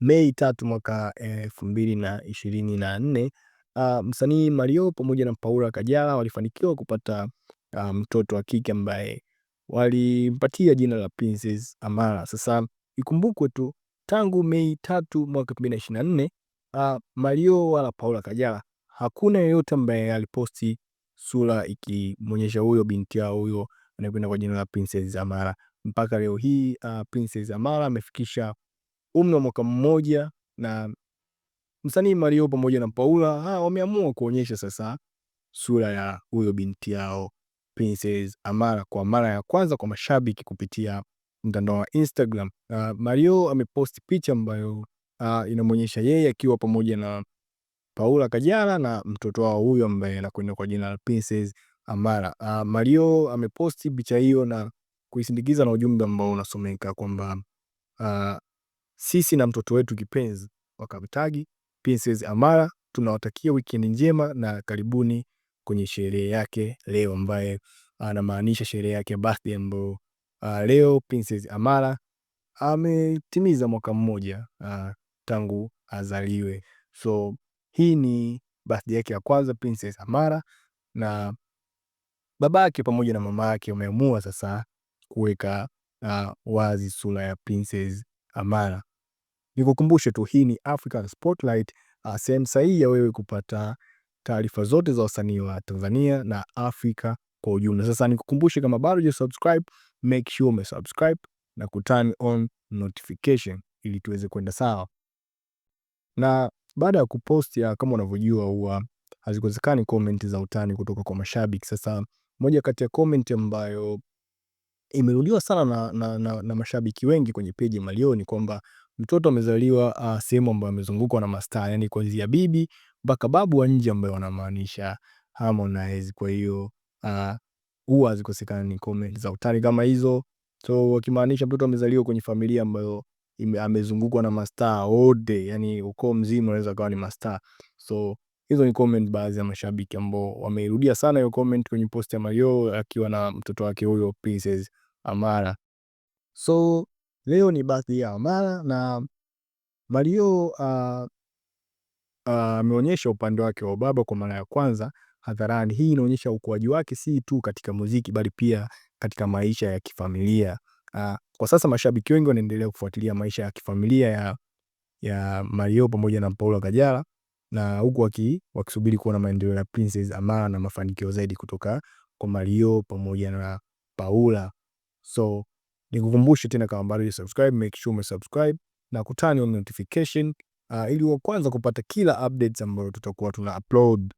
Mei tatu mwaka eh, elfu mbili na ishirini na nne uh, msanii Mario pamoja na Paula Kajala walifanikiwa kupata uh, mtoto wa kike ambaye walimpatia jina la Princess Amara. Sasa ikumbukwe tu tangu Mei tatu mwaka elfu mbili na ishirini na nne uh, Mario wala Paula Kajala hakuna yeyote ambaye aliposti sura ikimwonyesha huyo binti yao huyo anayekwenda kwa jina la Princess Amara mpaka leo hii. Uh, Princess Amara amefikisha umri wa mwaka mmoja na msanii Mario pamoja na Paula ah, wameamua kuonyesha sasa sura ya huyo binti yao Princess Amara kwa mara ya kwanza kwa mashabiki kupitia mtandao wa Instagram. Uh, Mario ameposti picha ambayo uh, inamwonyesha yeye akiwa pamoja na Paula Kajala na mtoto wao huyo ambaye anakwenda kwa jina la Princess Amara. Uh, Mario ameposti picha hiyo na kuisindikiza na ujumbe ambao unasomeka kwamba uh, sisi na mtoto wetu kipenzi wa Kaptag Princess Amara tunawatakia wikendi njema na karibuni kwenye sherehe yake leo, ambaye ah, anamaanisha sherehe yake ya birthday ambayo uh, leo Princess Amara ametimiza mwaka mmoja uh, tangu azaliwe. So hii ni birthday yake ya kwanza Princess Amara, na baba yake pamoja na mama yake wameamua sasa kuweka uh, wazi sura ya Princess Amara. Nikukumbushe tu hii ni Africa Spotlight, ah, sehemu sahihi ya wewe kupata taarifa zote za wasanii wa Tanzania na Afrika kwa ujumla. Sasa nikukumbushe kama bado hujasubscribe, make sure umesubscribe na kuturn on notification ili tuweze kwenda sawa. Na baada ya kupost, kama unavyojua, huwa hazikosekani comment za utani kutoka kwa mashabiki. Sasa moja kati ya comment ambayo imerudiwa sana na, na, na, na mashabiki wengi kwenye peji Marioo ni kwamba mtoto amezaliwa uh, sehemu ambayo amezungukwa na mastaa, yani kuanzia bibi mpaka babu wa nje ambaye wanamaanisha Harmonize. Kwa hiyo ah, huwa uh, huwa ni comment za utani kama hizo, so wakimaanisha mtoto amezaliwa kwenye familia ambayo amezungukwa na mastaa wote, yani ukoo mzima unaweza kawa ni mastaa. So hizo ni comment baadhi ya mashabiki ambao wameirudia sana hiyo comment kwenye post ya Mario akiwa na mtoto wake huyo Princess Amara. So Leo ni birthday ya mara na Mario ah, ah, ameonyesha uh, uh, upande wake wa baba kwa mara ya kwanza hadharani. Hii inaonyesha ukuaji wake si tu katika muziki bali pia katika maisha ya kifamilia. Uh, kwa sasa mashabiki wengi wanaendelea kufuatilia maisha ya kifamilia ya, ya Mario pamoja na Paulo Kajala na huku waki, wakisubiri kuona maendeleo ya Princess Amara na mafanikio zaidi kutoka kwa Mario pamoja na Paula so Nikukumbushe tena kama bado hujasubscribe, make sure umesubscribe na kutani on notification uh, ili wa kwanza kupata kila updates ambayo tutakuwa tuna upload.